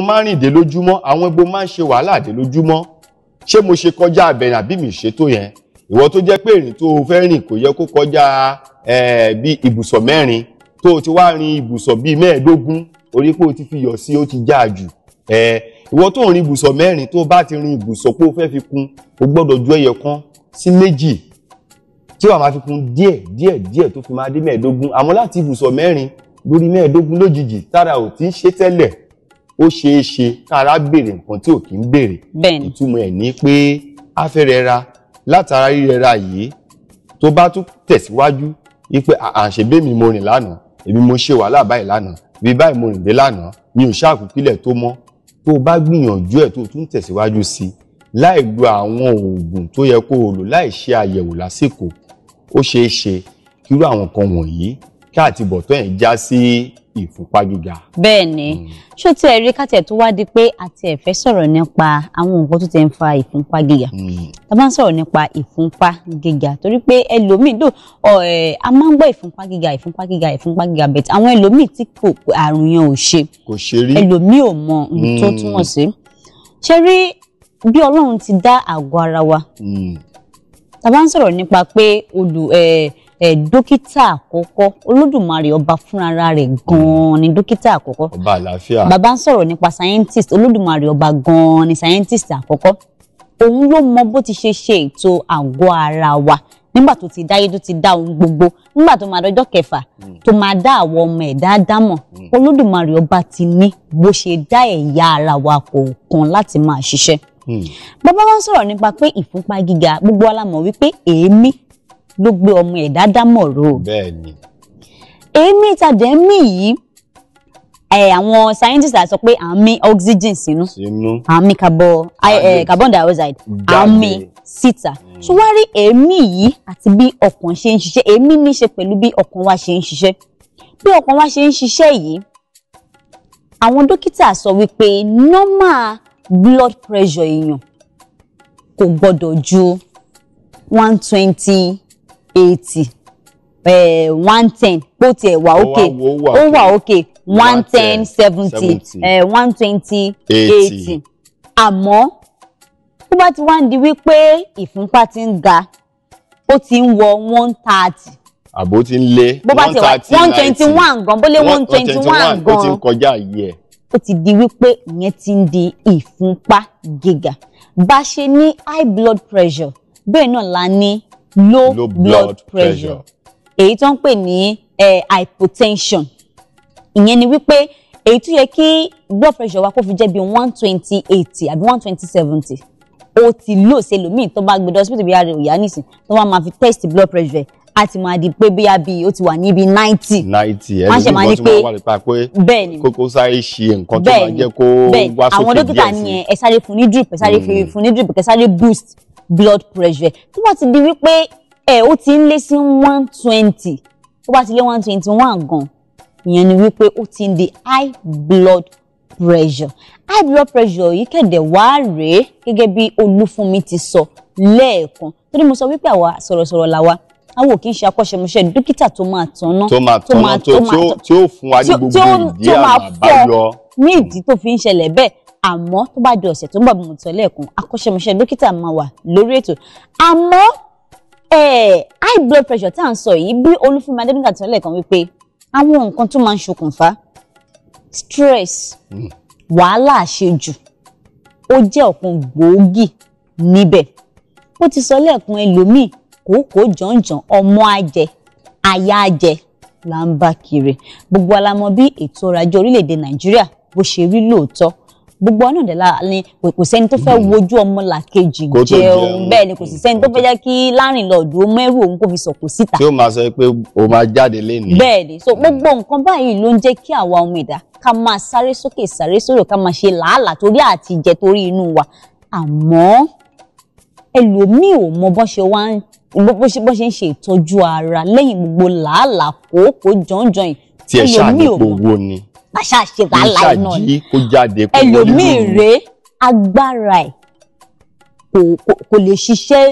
mo máa ń rìn dé lójúmọ́ àwọn ẹgbẹ́ máa ń ṣe wàhálà dé lójúmọ́ ṣé mo ṣe kọjá abẹ́rẹ́ àbí mi ṣe tó yẹn ìwọ tó jẹ́ pé ìrìn tó o fẹ́ rìn kò yẹ kó kọjá bí ibùsọ̀ mẹ́rin tó o ti wá rin ibùsọ̀ bíi mẹ́ẹ̀ẹ́dógún orí pé o ti fi yọ̀ sí o ti já jù ìwọ tó ń rin ibùsọ̀ mẹ́rin tó o bá ti rin ibùsọ̀ pé o fẹ́ fi kún o gbọ́dọ̀ ju ẹyọ kan sí méjì tí wàá máa fi kún díẹ̀ díẹ̀ díẹ̀ tó fi máa dé mẹ́ẹ̀ẹ́dógún àmọ́ láti ibùsọ̀ mẹ́rin lórí mẹ́ẹ̀ẹ́dógún lójijì tára ò ti ń ṣe tẹ́lẹ̀ ó ṣeé ṣe kára béèrè nǹkan tí ò kí ń béèrè ìtumọ̀ ẹ̀ ní pé afẹ́rẹ́ ra látara rírẹra yìí tó bá tún tẹ̀síwájú wípé àṣebémi mo rìn lánàá èmi mo ṣe wàhálà báyìí lánàá bí báyìí mo rìn dé lánàá mi ò ṣàkùkílẹ̀ tó mọ́ tó bá gbìyànjú ẹ̀ tó tún tẹ̀síwájú sí i láì lo àwọn oògùn tó yẹ kó o lò láì ṣe àyẹ̀wò lásìkò ó ṣeé ṣe kírú àwọn kan wọ̀nyí káàtì ẹ̀ já sí ìfúnpá gíga. bẹ́ẹ̀ ni hmm. ṣó tí ẹ rí kátẹ tó wá di pé àti ẹ fẹ́ sọ̀rọ̀ nípa àwọn nǹkan tó ti ń fa ìfúnpá gíga tá hmm. a bá ń sọ̀rọ̀ nípa ìfúnpá gíga torí pé ẹlòmíì dò a máa ń gbọ́ ìfúnpá gíga ìfúnpá gíga ìfúnpá gíga bẹ́ẹ̀ tí àwọn ẹlòmíì tí kò àrùn yẹn ò ṣe kò ṣe rí ẹlòmíì ò mọ ohun tó hmm. túmọ̀ sí ṣe rí bí Ọlọ́run ti dá àgọ́ ara wa tá bá ń sọ̀rọ̀ nípa pé olù ẹ ẹ eh, dókítà àkọ́kọ́ olódùmarè ọba fúnra rẹ̀ gan-an ni dókítà àkọ́kọ́ ọba àlàáfíà bàbá ń sọ̀rọ̀ nípa scientist olódùmarè ọba gan-an ni scientist àkọ́kọ́ òun ló mọ bó ti ṣe ṣe ètò àgọ́ ara wa nígbà tó ti dáyé tó ti dá ohun gbogbo nígbà tó máa dọjọ́ kẹfà hmm. tó máa dá àwọn ọmọ ẹ̀dá dámọ̀ hmm. olódùmarè ọba ti ní bó ṣe dá ẹ̀yà ara wa kọ̀ọ̀kan láti máa ṣiṣẹ́ hmm. bàbá wa ń sọ̀rọ̀ nípa pé ìfúnpá gíga gbogbo alámọ̀ wípé èémí ló gbé ọmọ ẹ̀dá dámọ̀ró. bẹ́ẹ̀ni. èémí tàdé mí yìí ẹ àwọn scientists sọ pé à ń mí oxygen sínú à ń mí carbon dioxide à ń mí síta mm. ṣùgbọ́n rí èémí yìí àti bí ọkàn ṣe ń ṣiṣẹ́ èémí ní ṣe pẹ̀lú bí ọkàn wa ṣe ń ṣiṣẹ́ bí ọkàn wa ṣe ń ṣiṣẹ́ yìí àwọn dókítà sọ wípé normal blood pressure èèyàn kò gbọdọ̀ ju one twenty eighty eh, one ten bó tiẹ̀ wà òkè ó wà òkè one ten seventy eh, one twenty eighty àmọ́ tó bá ti wá ń di wípé ìfúnpá ti ń ga ó ti ń wọ one thirty àbó ti ń lé one thirty one twenty one gan bó lé one twenty one gan ó ti ń kọjá yìí ẹ. ó ti di wípé ìyẹn ti ń di ìfúnpá gíga bá a ṣe ní high blood pressure bẹ́ẹ̀ náà la ní low, low blood pressure èyí tó ń pè ní eh, hypotension ìyẹn ni wípé èyí tó yẹ kí blood pressure wa kó fi jẹ́ bí one twenty eighty àbí one twenty seventy ó ti low ṣe lòmíì tó bá gbé dọ́ síbítì bí ara rẹ̀ ò yá nìsín tó bá máa fi test blood pressure a ti máa di pé bóyá bíi ó ti wà níbi ninety. ninety ẹ ló ní ìbọn tí wọn wà nípa pé bẹ́ẹ̀ni kókó sáré ṣe nǹkan tó máa jẹ́ kó wá sókè díẹ̀ sí i. bẹ́ẹ̀ni àwọn dókítà ni ẹ sáré fún ní drip ẹ sáré fún mm. ní drip ẹ sáré boost blood pressure tó bá ti di wípé ẹ ó ti ń lé sí one twenty tó bá ti lé one twenty one gan ìyẹn ni wípé ó ti ń di high blood pressure high blood pressure yìí kẹ̀dẹ̀ wá rèé gẹ́gẹ́ bí Olúfúnmi ti sọ lẹ́ẹ̀kan torí mo sọ wípé àwa sọ̀rọ̀sọ̀rọ̀ làwa àwọn ò kì í ṣe akọ́ṣẹ́mọṣẹ́ dókítà tó máa tanná tó máa tanná tó máa tó tí ó fún wa ní gbogbo ìdí àmàbáyọ ní ìdí tó fi ń ṣẹlẹ̀ bẹ́ẹ̀ àmọ́ tó bá di ọ̀sẹ̀ tó ń bọ̀ bí mo tọ́ lẹ́ẹ̀kan akọ́ṣẹ́mọṣẹ́ dókítà máa wà lórí ètò àmọ́ high blood pressure tá à ń sọ yìí bí olúfúnmi adédúgà tọ́ lẹ́ẹ̀kan wípé àwọn nǹkan tó máa ń ṣokùnfà stress hmm. wàhálà àṣejù ó jẹ́ ọ̀kan gbòógì níbẹ̀ ó ti sọ lẹ́ẹ̀kan ẹlòmíì kòókòó jọ̀ǹjọ̀ǹ ọmọ ajẹ aya ajẹ là ń bá kiri gbogbo alamọ bí ètò ọrọ̀ ajé orílẹ̀-èdè nàìjíríà bó ṣe rí lóòótọ́ gbogbo ọ̀nà ìdẹ́la ni kò sẹ́ni tó fẹ́ hmm. wojú ọmọ làkejì jẹun bẹ́ẹ̀ ni kò sì sẹ́ni tó fẹ́ jẹ́ kí láàrin lọ́ọ̀dù mẹ́rù òun kò fi sọ̀kò síta. tí ó máa sọ pé o máa jáde lénìí. bẹ́ẹ̀ ni so hmm. gbogbo nǹkan báyìí ló ń jẹ́ kí àwa ọmọ ẹ̀dá ká máa sáré sókè sáré sódò ká máa ṣe làálàá torí àti jẹ torí inú wa àmọ́ ẹlòmíì ò mọ bó ṣe wá bó ṣe ń ṣe ìtọ́jú ara lẹ́yìn gbogbo làálàá kòókòó jọ̀ǹjọ̀ǹ ẹlòmíì ò mọ àṣà ṣe wàhálà iná ni ẹlòmíì rèé agbára ẹ̀ kò lè ṣiṣẹ́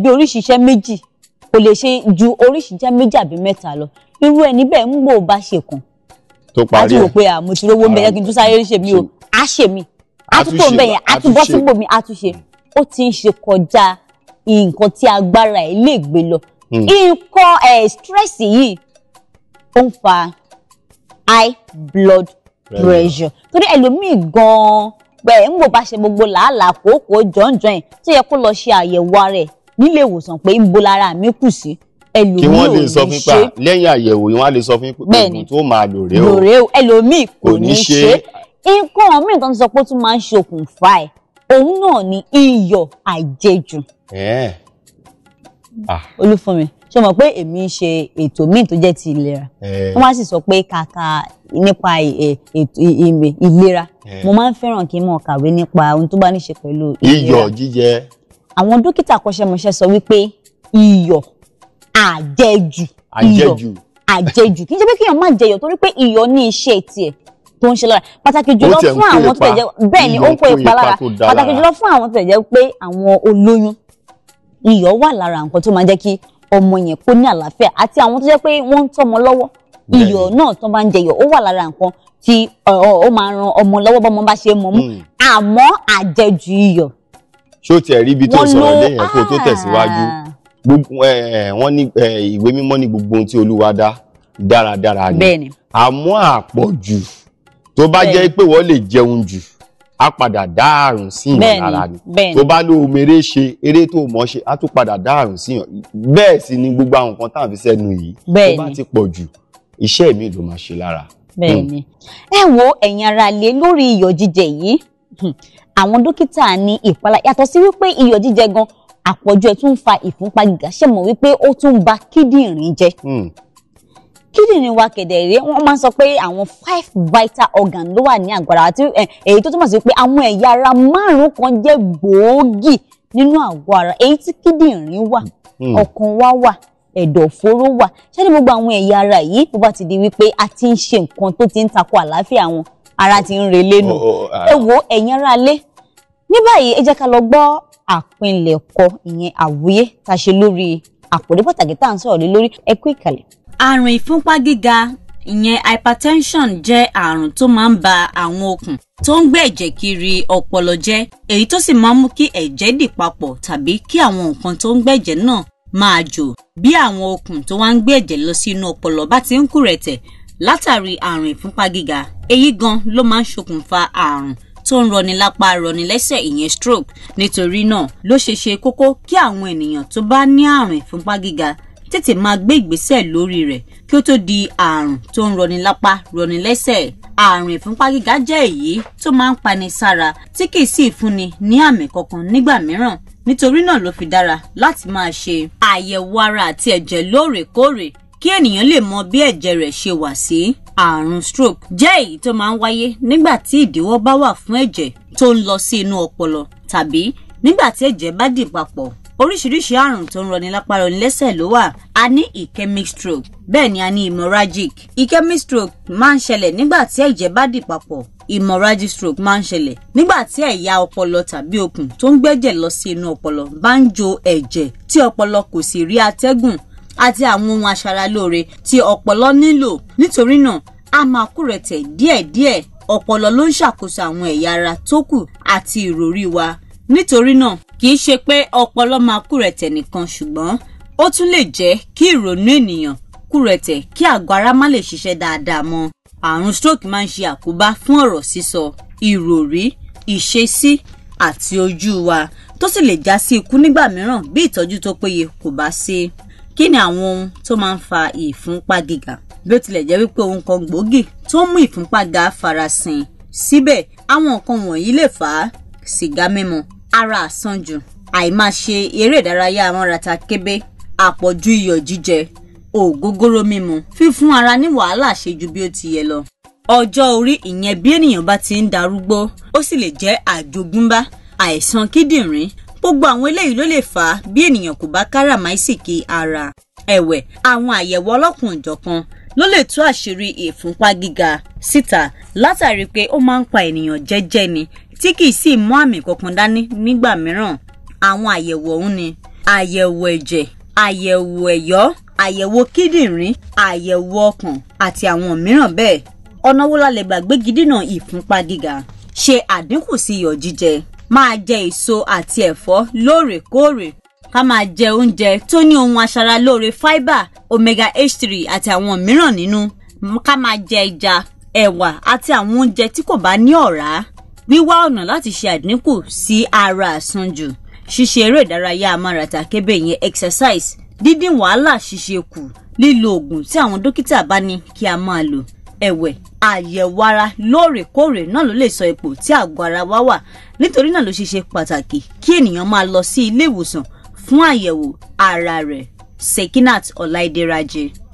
bí oríṣiṣẹ́ méjì kò lè ṣe ju oríṣiṣẹ́ méjì àbí mẹ́ta lọ irú ẹni bẹ́ẹ̀ ń gbò bá ṣe kàn tó parí ẹ̀ láti wò pé àmọ́ ti rówó mbẹ́yẹ́ kí n tún sáré ṣe mí o á ṣe mí á tún kò mbẹ́yẹn á tún bọ́ síbò mí á tún ṣe ó ti ń ṣe kọjá nǹkan tí agbára ẹ̀ lè gbé lọ hmm. nǹkan stress yìí ó ń fa high blood pressure torí ẹlòmíì gan-an pẹ̀ ń wò bá ṣe gbogbo làálàá kòókòó jọ̀ǹjọ̀ǹ tó yẹ kó lọ ṣe àyẹ̀wò ara ẹ̀ nílé ìwòsàn pé ń bo lára mi kù sí ẹlòmíì ò lè ṣe lẹ́yìn àyẹ̀wò yìí wọ́n á lè sọ fún pé oògùn tó máa lò rèé o ẹlòmíì kò ní ṣe nǹkan míì tó sọ pé ó tún máa ń ṣokùnfà ẹ̀ òun náà ni iyọ̀ àjẹjù ah. olúfúnmi ṣé o mọ̀ pé èmi ń ṣe ètò míì tó jẹ́ ti ìlera eh. wọ́n máa sì sọ pé kàkà nípa eh, ìlera eh. mo máa ń fẹ́ràn kí n mọ̀ kàwé nípa ohun tó bá ní ṣe pẹ̀lú ìlera iyọ̀ jíjẹ. àwọn dókítà akọ́ṣẹ́mọṣẹ́ sọ wípé iyọ̀ àjẹjù iyọ̀ àjẹjù kì í ṣe pé kéèyàn má jẹyọ̀ torí pé iyọ̀ ní iṣẹ́ tiẹ̀ tó ń ṣe lára pàtàkì jùlọ fún àwọn tó tẹ̀jẹ́ bẹ́ẹ̀ ni ó ń kó ipa lára pàtàkì jùlọ fún àwọn tó tẹ̀jẹ́ pé àwọn olóyún iyọ̀ wà lára nǹkan tó máa jẹ́ kí ọmọ yẹn kó ní àlàáfíà àti àwọn tó jẹ́ pé wọ́n ń tọ́mọ lọ́wọ́ iyọ̀ náà tó bá ń jẹyọ̀ ó wà lára nǹkan tí ó máa ń ran ọmọ lọ́wọ́ bọ́mọ bá ṣe mọ̀ mú hmm. àmọ́ àjẹjù iyọ̀. ṣó tiẹ̀ rí ibi tó sọ̀rọ̀ léèyàn kó tó ah! tẹ̀síwájú wọ́n ní ìwé mímọ́ ní gbogbo ohun tí olúwa dá dáradára ni àmọ́ àpọ̀jù tó bá jẹ́ pé wọ́n lè jẹun jù á padà dá àrùn síyàn lára ni tó bá ló mèrè ṣe eré tó mọ̀ ṣe á tún padà dá àrùn síyàn bẹ́ẹ̀ sì ni gbogbo àwọn nǹkan tá à ń fi sẹ́nu yìí tó bá ti pọ̀ jù iṣẹ́ mi ló máa ṣe lára. bẹ́ẹ̀ni ẹ wo ẹ̀yin ara lé lórí iyọ̀ jíjẹ yìí hmm, àwọn dókítà ní ìpalára yàtọ̀ sí wípé iyọ̀ jíjẹ gan àpọ̀jù ẹ̀ tún fa ìfúnpá gíga ṣe mọ̀ wípé ó tún ba kíndìnrín jẹ́. Hmm kíndìnrín wa kẹ̀dẹ̀rẹ́ wọ́n máa ń sọ pé àwọn five vital organ ló wà ní àgọ́ ara wa tí èyí tó túmọ̀ sí pé àwọn ẹ̀yà ara márùn-ún kan jẹ́ gbòógì nínú àgọ́ ara èyí tí kíndìnrín wà hmm. ọkàn wa wà ẹ̀dọ̀fóró wà ṣé ní gbogbo àwọn ẹ̀yà ara yìí bó bá ti di wípé a ti ń ṣe nǹkan tó ti ń tako àlàáfíà wọn ara ti ń relé nù oh, oh, oh, ah. ẹ wo ẹ̀yin ara lé ní báyìí ẹ jẹ́ ká lọ gbọ́ àpilẹ̀kọ ìyẹn àwòyé tá a ṣe lórí àkòrí pàtàkì tá à ń sọ̀rọ̀ lé lórí ẹ kú ìkàlẹ̀ àrùn ìfúnpá gíga ìyẹn hypertension jẹ́ àrùn tó máa ń ba àwọn okùn tó ń gbé ẹ̀jẹ̀ kiri ọpọlọ jẹ́ èyí tó sì máa ń mú kí ẹ̀jẹ̀ dì papọ̀ tàbí kí àwọn nǹkan tó ń gbẹ̀jẹ̀ náà máa jò bí àwọn okùn tó wá ń gbé ẹ̀jẹ̀ lọ sínú ọpọlọ bá ti ń kúrẹ̀tẹ̀ látàrí àrùn ìfúnpá gíga èyí gan ló máa ń ṣokùnfà àrùn tó ń rọni lápá rọni lẹ́sẹ̀ ìyẹn stroke nítorí náà ló ṣe ṣe kókó kí àwọn ènìyàn tó bá ní àrùn ìfúnpá gíga tètè máa gbé ìgbésẹ̀ lórí rẹ̀ kí ó tó di àrùn tó ń rọni lápá rọni lẹ́sẹ̀ àrùn ìfúnpá gíga jẹ́ èyí tó máa ń pani sára tí kì í sì fúnni ní àmì kankan nígbà mìíràn nítorí náà ló fi dára láti máa ṣe àyẹ̀wò ara àti ẹ̀jẹ̀ lóòrèkóòrè kí ènìyàn lè mọ bí ẹ̀jẹ̀ rẹ̀ ṣe wà sí àrùn stroke jẹ́ èyí tó máa ń wáyé nígbà tí ìdíwọ́ bá wà fún ẹ̀jẹ̀ tó ń lọ sí inú ọpọlọ tàbí nígbà tí ẹ̀jẹ̀ bá dì papọ̀ oríṣiríṣi àrùn tó ń rọni lápá rọni lẹ́sẹ̀ ló wà a ní ischemic stroke bẹ́ẹ̀ ni a ní hemorrhagic ischemic stroke máa ń ṣẹlẹ̀ nígbà tí ẹ̀jẹ̀ bá dì papọ̀ hemorrhagic stroke máa ń ṣẹlẹ̀ nígbà tí ẹ̀yà ọpọlọ tàbí okùn tó ń gbẹ́jẹ̀ lọ sí inú ọpọlọ bá ń jo ẹ̀jẹ̀ tí ọpọlọ kò sì rí atẹ́gùn àti àwọn ohun aṣaralóore tí ọpọlọ nílò nítorí náà a máa kúrẹ̀tẹ̀ díẹ̀díẹ̀ ọpọlọ ló ń ṣàkóso àwọn ẹ̀yà ara tó kù àti ìròrí wa nítorí náà kì í ṣe pé ọpọlọ máa kúrẹ̀tẹ̀ nìkan ṣùgbọ́n ó tún lè jẹ́ kí ìrònú ènìyàn kúrẹ̀tẹ̀ kí àgọ́ ara má lè ṣiṣẹ́ dáadáa mọ́ àrùn stroke máa ń ṣe àkóbá fún ọ̀rọ̀ sísọ ìròrí ìṣesí àti ojú wa tó sì lè já sí ikú nígbà mìíràn bí ìtọ́jú tó péye kò bá sí kí ni àwọn ohun tó máa ń fa ìfúnpá gíga bí ó tilẹ̀ jẹ́ wípé ohun kan gbòógì tó ń mú ìfúnpá ga farasin síbẹ̀ àwọn nǹkan wọ̀nyí lè fà á sìgá mímu ara àsanjù àìmáṣe eré ìdárayá amárata kébé àpọ̀jù iyọ̀ jíjẹ ògógóró mímu fífún ara ní wàhálà ṣe ju bí ó ti yẹ lọ. ọjọ́ orí ìyẹn bí ènìyàn bá ti ń darúgbó ó sì lè jẹ́ àjogúnbá àìsàn kíndìnrín gbogbo àwọn eléyìí ló lè fà á bí ènìyàn kò bá káràmáìsìkì ara. ẹ̀wẹ̀ àwọn àyẹ̀wò ọlọ́kùn òjọ̀kan ló lè tú àṣírí ìfúnpá gíga síta látàrí pé ó máa ń pa ènìyàn jẹ́jẹ́ ni tí kìí sì mú àmì kankan dání nígbà mìíràn àwọn àyẹ̀wò ọ̀hún ni àyẹ̀wò ẹ̀jẹ̀ àyẹ̀wò ẹ̀yọ́ àyẹ̀wò kíndìnrín àyẹ̀wò ọkàn àti àwọn mìíràn bẹ́ẹ̀ ọ̀nà wo la lè gbàgbé gidina ìfúnpá gíga ṣe àdínkù sí iyọ̀ jíjẹ máa jẹ èso àti ẹ̀fọ́ lóòrèkóòrè ká máa jẹ oúnjẹ tó ní ohun aṣaralóore fáíbà omega h3 àti àwọn mìíràn nínú ká máa jẹ ẹja ẹ̀wà àti àwọn oúnjẹ tí kò bá ní ọ̀rá wíwá ọ̀nà láti ṣe àdínkù sí ara àsanjù ṣíṣe eré ìdárayá amárata kébé yẹn exercise dídín wàhálà ṣíṣe kù lílo oògùn tí àwọn dókítà bá ní kí a máa lò ẹ̀wẹ̀ àyẹ̀wò ara lóòrèkóòrè náà ló lè sọ ipò tí àgọ́ ara wa wà nítorí náà ló ṣe ṣe pàtàkì kí ènìyàn máa lọ sí ilé ìwòsàn fún àyẹ̀wò ara rẹ̀ Sekinat Ọláìdéraje.